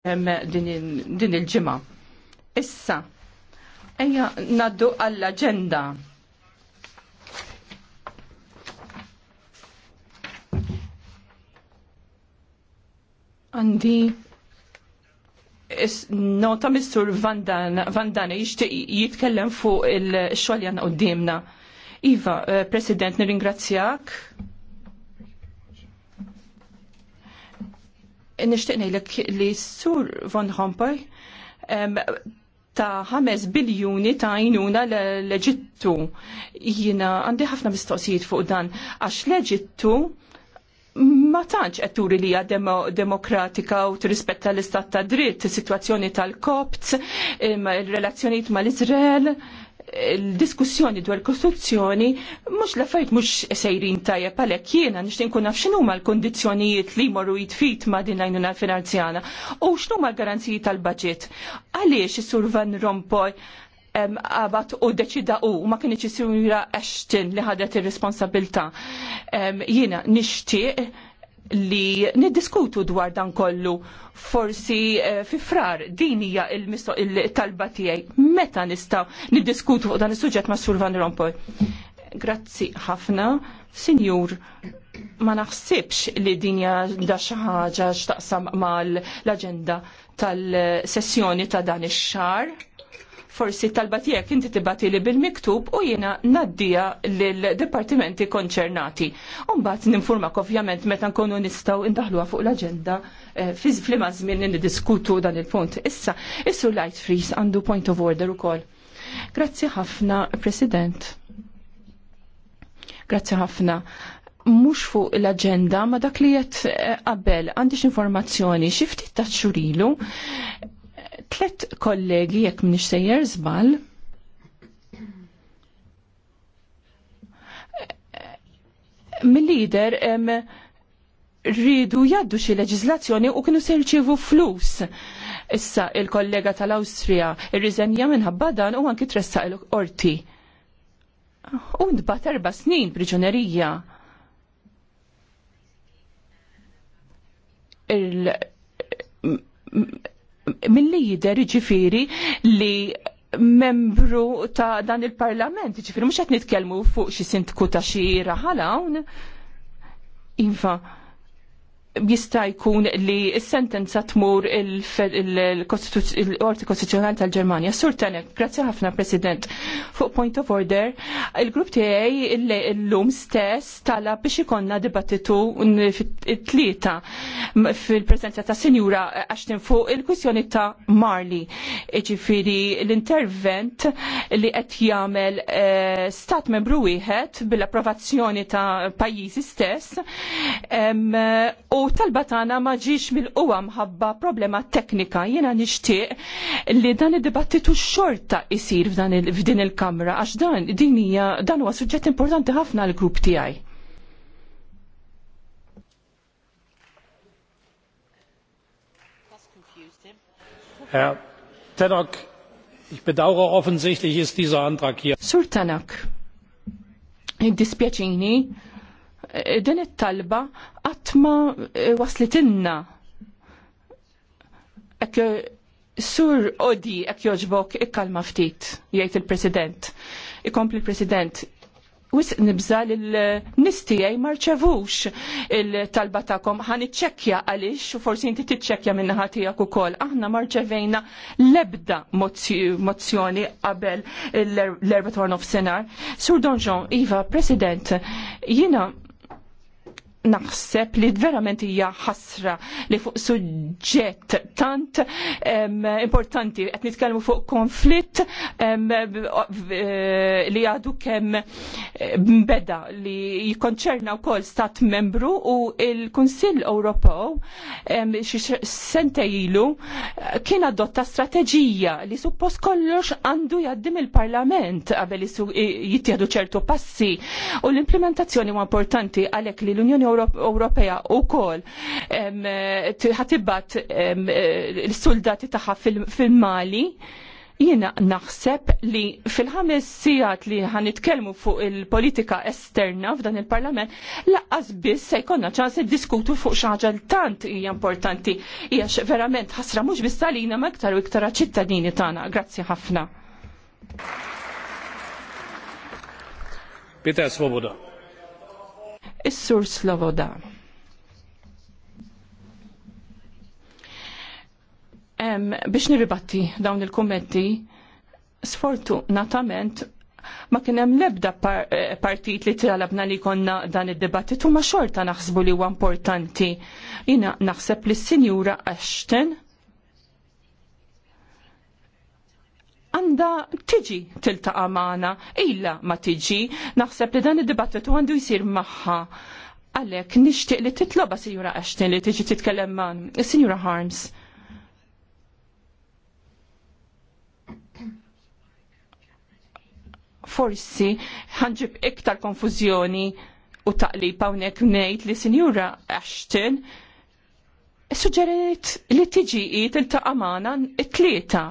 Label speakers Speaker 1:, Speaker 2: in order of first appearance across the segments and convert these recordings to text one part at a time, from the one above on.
Speaker 1: din il-ġimgħa. Issa, ejja naddu għall-aġenda. Għandi nota mistur Vandana jixtieq jitkellem fuq il-xogħol jana Iva, eh, President, nirringrazzjak. nishtiqni li sur von Rompuy ta' 5 biljuni ta' jnuna l-Eġittu. Jina għandi ħafna mistoqsijiet fuq dan, għax l-Eġittu ma tantx qed turi li hija demokratika u tirrispetta l-istat ta' dritt, is-sitwazzjoni tal-Kopts, ir-relazzjonijiet mal-Iżrael, il-diskussjoni dwar kostruzzjoni mhux l-affarijiet mhux sejrin tajjeb għalhekk jiena nixtieq nkun naf x'inhuma l kundizzjonijiet li jmorru jitfit ma' din għajnuna finanzjana u x'huma l-garanziji tal-baġit. Għaliex is-Sur Van Rompuy għabat u deċida u ma is isura Ashton li ħadet ir responsabilta Jiena nixtieq li niddiskutu dwar dan kollu forsi uh, fi frar din hija il-talba il tiegħi meta nistaw niddiskutu fuq dan is-suġġett ma' Sur Van Rompuy. Grazzi ħafna, Sinjur, ma naħsibx li din hija xi ħaġa x'taqsam mal agenda tal-sessjoni ta' dan ix-xar. Forsi talba tiegħek inti tibati li bil-miktub u jiena naddija lill-dipartimenti konċernati. Umbagħad ninfurmak ovvjament meta nkunu nistgħu indaħluha fuq l-aġenda eh, fi flima żmien niddiskutu dan il-punt. Issa, issu light freeze għandu point of order ukoll. Grazzi ħafna, President. Grazzi ħafna mux fuq l-agenda ma dak li jett eh, qabel għandix informazzjoni xiftit taċċurilu tlet kollegi jekk mniex sejjer żball. Mill-lider rridu jaddu xi leġislazzjoni u kienu se jirċievu flus. Issa il-kollega tal-Awstrija irriżenja minħabba dan u anki tressaq il-qorti. U ndbat erba' snin priġunerija. Il mill jider ġifiri li membru ta' dan il-parlament, ġifiri mux għet nitkelmu fuq xi sintku ta' xi raħalawn. Infa, Iva, jista' jkun li s-sentenza tmur il-Qorti Kostituzzjonali tal-Ġermanja. Sur Tanek, grazzi ħafna President. Fuq point of order, il-grupp tiegħi llum stess tala biex ikonna dibattitu fit-tlieta fil presenza ta' Sinjura għaxtin fuq il-kwistjoni ta' Marli. Iġifiri l-intervent li qed jagħmel eh, stat membru wieħed bil-approvazzjoni ta' pajjiżi stess. U u talba tagħna ma ġiex mill-qwa mħabba problema teknika. jena nixtieq li dan id-dibattitu xorta jisir f'din il-kamra għax dan din hija dan huwa suġġett importanti ħafna għall grupp tiegħi.
Speaker 2: Herr Tenok, ich bedauere offensichtlich ist dieser Antrag hier.
Speaker 1: Sur Tannock, dispjaċini din it-talba qatt ma e, waslitinna. Ek sur Odi ek joġbok ikkalma ftit, jgħid il-President. Ikompli il-President, wis nibża l-nistijaj marċevux il-talba ta'kom ħan iċċekkja għalix u forsi inti tiċċekkja minna ħatijak u kol. Aħna marċevejna lebda mozzjoni qabel l-erbatorn of senar. Sur Donjon, Iva, President, jina naħseb li verament hija ħasra li fuq suġġett tant importanti qed nitkellmu fuq konflitt e, li għadu kemm beda li jikkonċerna wkoll stat membru u il-Kunsill Ewropew xi sente ilu kien adotta strateġija li suppost kollox għandu jgħaddim il-Parlament qabel jittieħdu ċertu passi u l-implementazzjoni huwa importanti għalhekk li l-Unjoni Ewropea kol ħatibbat l-soldati tagħha fil-Mali jiena naħseb li fil-ħames sigħat li ħanitkellmu fuq il-politika esterna f'dan il-Parlament, laqqas biss se jkollna ċans diskutu fuq xi ħaġa tant hija importanti hija verament ħasra mhux biss talina ma iktar u iktar ċittadini tagħna. Grazzi ħafna.
Speaker 2: Peter Svoboda.
Speaker 1: Is-Sur Sloboda. Em, biex nirribatti dawn il-kommenti, sfortunatament ma kien hemm l-ebda par eh, partit li tralabna li konna dan id-dibattitu ma xorta naħsbu li huwa importanti. jiena naħseb li s-Sinjura Ashton għanda tiġi tilta għamana, illa ma tiġi, naħseb li dan id-dibattitu għandu jsir magħha. Għalek, nixtieq li titloba Sinjura Ashton li tiġi titkellem man, Sinjura Harms. Forsi ħanġib iktar konfuzjoni u taqlib hawnhekk ngħid li Sinjura Ashton suġġeriet li tiġi tiltaqa' għamana t-tlieta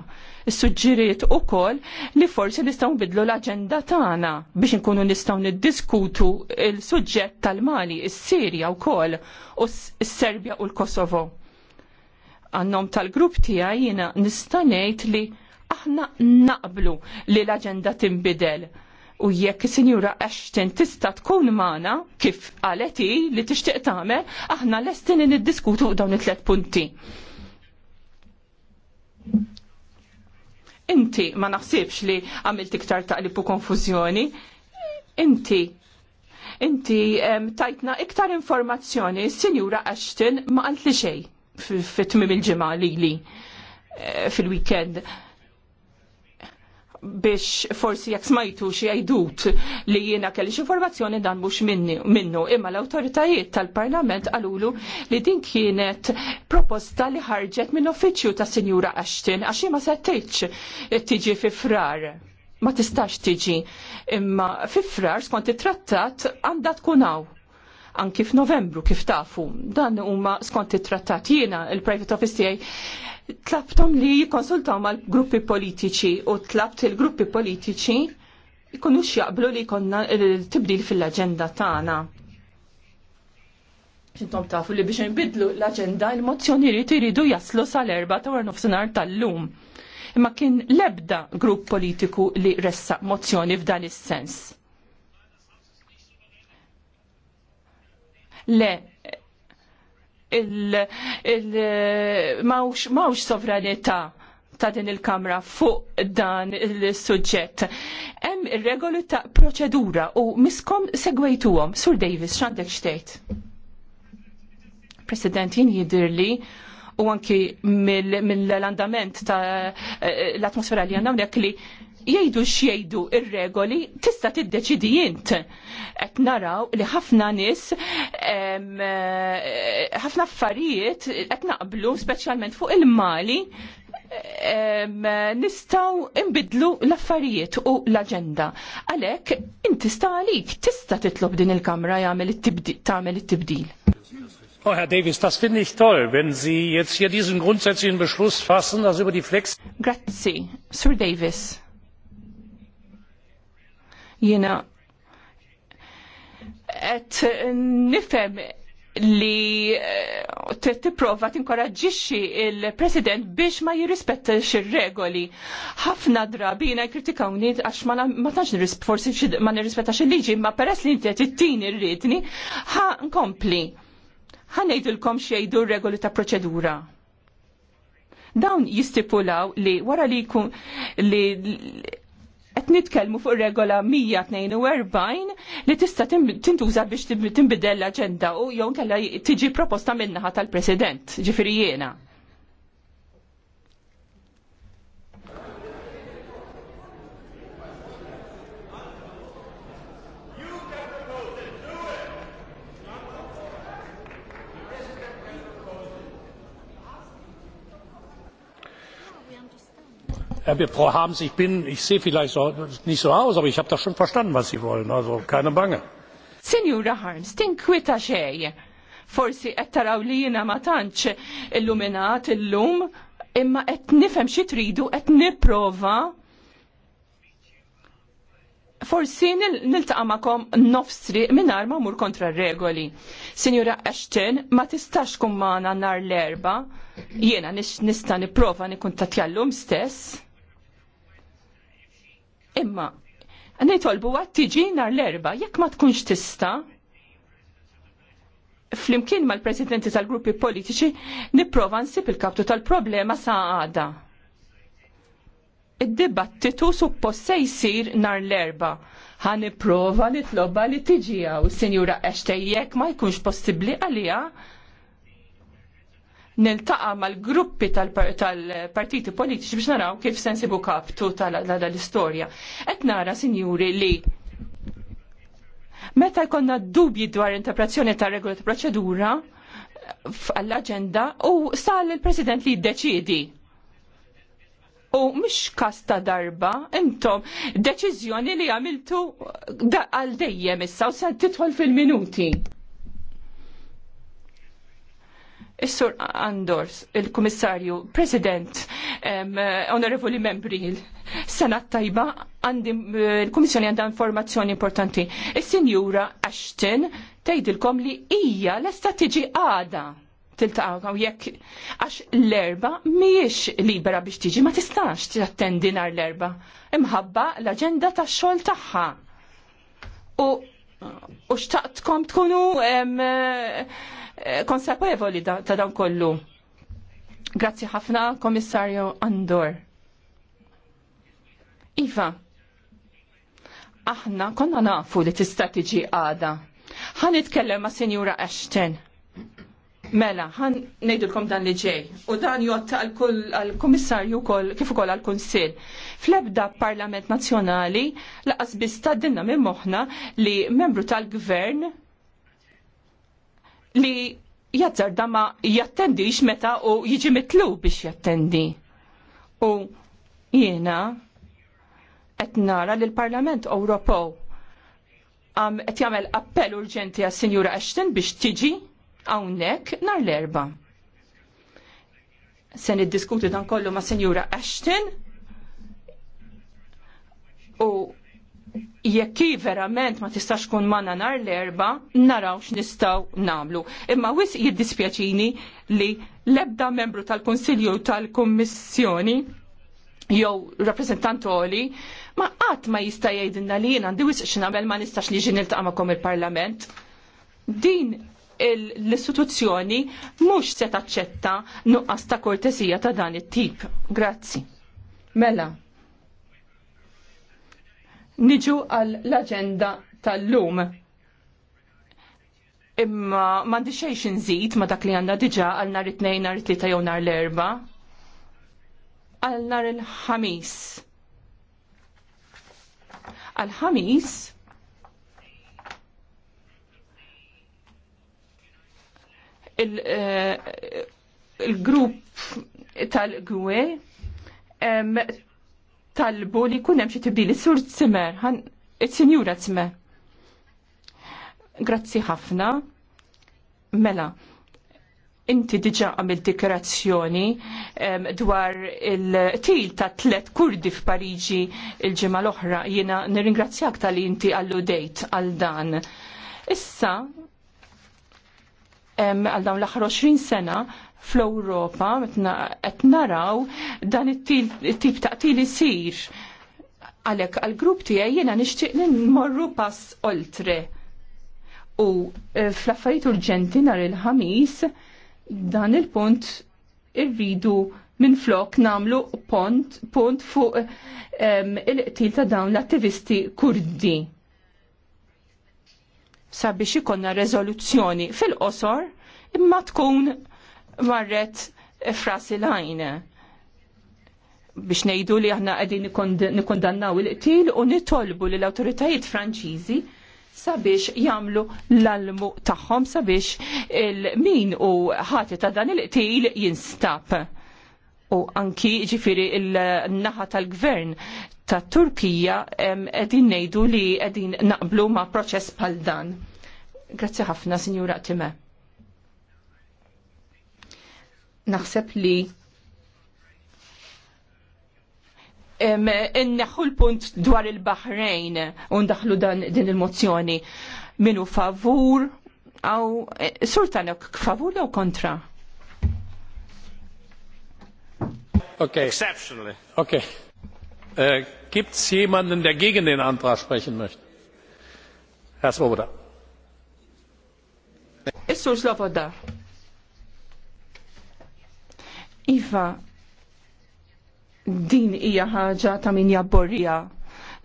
Speaker 1: suġġiriet ukoll li forsi nistgħu bidlu l-aġenda tagħna biex inkunu nistgħu niddiskutu il-suġġett tal-Mali, il sirja wkoll u s-Serbja u l-Kosovo. Għannom tal-grupp tiegħi jina nista' ngħid li aħna naqblu li l-aġenda tinbidel u jekk sinjura Ashton tista' tkun magħna kif għaleti li tixtieq tagħmel, aħna lesti niddiskutu dawn it tlet punti. Inti ma naħsibx li għamilt iktar taqlib u konfużjoni. Inti inti tajtna iktar informazzjoni, Sinjura Ashton ma għalt li xejn fit-tmim il-ġimgħa lili eh, fil-weekend biex forsi jekk smajtu xi għajdut li jiena kellix informazzjoni dan mhux minnu, imma l-awtoritajiet tal-Parlament qalulu li din kienet proposta li ħarġet minn uffiċċju ta' Sinjura Ashton għax ma settejtx tiġi fi frar. Ma tistax tiġi, imma fi frar skont it-trattat għandha tkun hawn anki f'Novembru kif tafu. Dan huma skont it-trattat jiena il-private office tiegħi tlabtom li jikkonsultaw mal-gruppi politiċi u tlabt il-gruppi politiċi jkunux jaqblu li jkollna tibdil fil-aġenda tagħna. Xintom tafu li biex nbidlu l-aġenda il-mozzjoni iridu jaslu sal-erba ta' war nofsinhar tal-lum. Imma kien lebda grupp politiku li ressa mozzjoni f'dan is-sens Le, il, il mawx, mawx sovranità ta' din il-kamra fuq dan il-sujġett. Hemm ir-regoli ta' proċedura u miskom segwejtuhom. Sur Davis, x'għandek xtejt? President, jien jidirli u anki mill-andament ta' eh, l-atmosfera li għandna li jgħidu xiejdu ir-regoli tista' tiddeċidi int. Qed naraw li ħafna nis eh, ħafna affarijiet qed naqblu speċjalment fuq il-Mali nistaw imbidlu l-affarijiet u l-agenda. Għalek, inti sta għalik, tista titlob din il-kamra jagħmel it-tibdil.
Speaker 2: Oh, Herr Davis, das finde ich toll, wenn Sie jetzt hier diesen grundsätzlichen Beschluss fassen, also über die Flex...
Speaker 1: Grazie, Sir Davis. Jiena qed nifhem li eh, trid tipprova inkoraġiċi l president biex ma jirrispettax ir-regoli. Ħafna drabi jiena kritikawni għax ma tantx forsi ma nirrispettax il-liġi, ma peress li inti it ittini rridni, ħa nkompli. Ħa ngħidilkom xejdu r-regoli ta' proċedura. Dawn jistipulaw li wara li jkun li qed nitkellmu fuq regola 142 li tista' tintuża biex tinbidel l-aġenda u jew kella tiġi proposta minnaħa tal-President, ġifieri jiena.
Speaker 2: Herr Harms, ich bin, ich sehe vielleicht so, nicht so aus, aber ich habe das schon verstanden, was Sie wollen, also keine Bange.
Speaker 1: Signora Harms, xej. Forsi qed taraw li jiena ma tantx illuminat illum, imma qed nifhem xi tridu qed nipprova forsi niltaqa' magħkom nofsri mingħajr ma mur kontra r-regoli. Sinjura Ashton, ma tistax tkun magħna nhar l-erba' jiena nista' nipprova nikun tatjallum stess. Imma, nitolbu għat tiġi nar l-erba, jekk ma tkunx tista, flimkien mal-presidenti tal-gruppi politiċi, niprofa nsib il-kaptu tal-problema sa' għada. Id-dibattitu suppost se jsir nar l-erba. Ħan niprofa nitloba li tiġi għaw, Sinjura eċtej jekk ma jkunx possibli għalija, niltaqa mal-gruppi tal-partiti politiċi biex naraw kif sensibu kaptu tal-istorja. Et nara, sinjuri, li meta jkonna dubji dwar interpretazzjoni ta' regola ta' proċedura għall-agenda u sal il-President li jiddeċidi. U mish kasta darba, intom, deċizjoni li għamiltu għal dejjem issa u se titħol fil-minuti. Is-Sur Andors, il-Kummissarju, President, um, Onorevoli Membri, Senat Tajba, għandim eh, il-Kummissjoni għandha informazzjoni importanti. Is-Sinjura Ashton tgħidilkom li hija lesta tiġi għada tiltaqgħu jekk għax l-erba mhijiex libera biex tiġi ma tistax tattendi nhar l-erba imħabba l-aġenda tax-xogħol tagħha. U u xtaqtkom tkunu Eh, konsapevoli ta' dan kollu. Grazzi ħafna, Komissarju Andor. Iva, aħna konna nafu li tista' tiġi għada. Ħan nitkellem ma' Senjura Ashton. Mela, ħan nejdulkom dan li ġej. U dan jott għal-komissarju kol, kif ukoll għal-konsil. Flebda parlament nazjonali laqas biss dinna minn moħna li membru tal-gvern li jazzarda ma jattendix meta u jiġi mitlu biex jattendi. U jiena qed nara li l-Parlament Ewropew qed jagħmel appell urġenti għas senjura Ashton biex tiġi hawnhekk nhar l-erba' se niddiskuti dan kollu ma' Senjura Ashton u jekk verament ma tistax kun manna nar l-erba, narawx nistaw namlu. Imma wis jiddispjaċini li l-ebda membru tal-Konsilju tal-Kummissjoni jew rappresentant oli ma qatt ma jista' jgħidilna li jien għandi wisq x'nagħmel ma nistax li ġi niltaqa' il-Parlament. Din l-istituzzjoni mhux se taċċetta nuqqas ta' kortesija ta' dan it-tip. Grazzi. Mela, Niġu għal l-agenda tal-lum. Imma mandi xejx nżid ma dak li għandna diġa għal nar it-tnejn, nar it-tlieta jew nar l-erba. Għal nar il-ħamis. Għal ħamis eh, il-grupp tal-gwe talbu li jkun hemm xi sur t sur Zimmer, is-Sinjura simer Grazzi ħafna. Mela, inti diġa għamil dikerazzjoni dwar il-til ta' tlet kurdi f'Pariġi il-ġimgħa l-oħra. Jiena nirringrazzjak tal-li inti għallu dejt għal dan. Issa, għal dawn l-aħħar 20 sena fl-Ewropa qed naraw dan it-tip ta' qtil isir. Għalhekk għall-grupp tiegħi jiena nixtieq nmorru pass oltre. U eh, fl-affarijiet urġenti nhar il-ħamis dan il-punt irridu minn flok namlu pont, pont fuq um, il-qtil ta' dawn l-attivisti kurdi sabiex ikonna rezoluzzjoni fil-qosor imma tkun marret frasi lajn biex nejdu li aħna għedin nikondannaw il-qtil u nitolbu li l-autoritajiet franċiżi sabiex jamlu l-almu taħħom sabiex il-min u ħati ta' dan il-qtil jinstab u anki ġifiri il-naħa tal-gvern ta' Turkija qegħdin ngħidu li qegħdin naqblu ma' proċess bħal dan. Grazzi ħafna, signora Time. Naħseb li inneħu l-punt dwar il-Bahrejn u ndaħlu dan din il-mozzjoni minu favur għaw e, surtanok favur jew kontra?
Speaker 2: Okay. Exceptionally. Okay. Äh, Gibt es jemanden, der gegen den Antrag sprechen möchte? Herr Swoboda. Is-sur
Speaker 1: Sloboda. Iva, din hija ħaġa ta' min jabborrija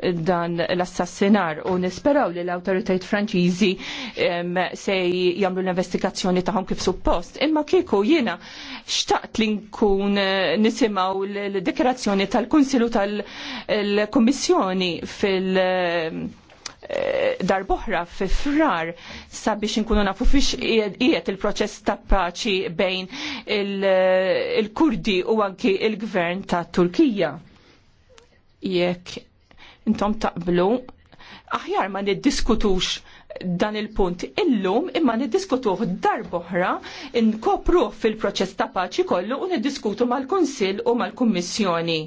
Speaker 1: dan l-assassinar u nisperaw li l-autoritajt franċiżi se jagħmlu l-investigazzjoni tagħhom kif suppost. Imma kieku jiena xtaqt li nkun eh, nisimgħu l-dikerazzjoni tal-Kunsilu tal-Kummissjoni fil- eh, darboħra fi frar sabiex nkunu nafu fiex qiegħed il-proċess ta' paċi bejn eh, il-Kurdi u anki il-gvern ta' Turkija. Jekk intom taqblu, aħjar ma niddiskutux dan il-punt illum imma niddiskutuh darboħra inkopru fil-proċess ta' paċi kollu u niddiskutu mal-Kunsill u mal-Kummissjoni.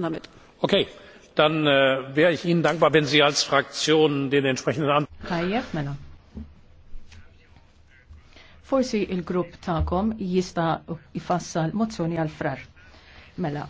Speaker 2: Namet. Okay, dann äh, wäre ich Ihnen dankbar, wenn Sie als Fraktion den entsprechenden
Speaker 1: Antrag. Mela. Forsi il-grupp ta'kom jista' jfassal mozzjoni għal frar. Mela,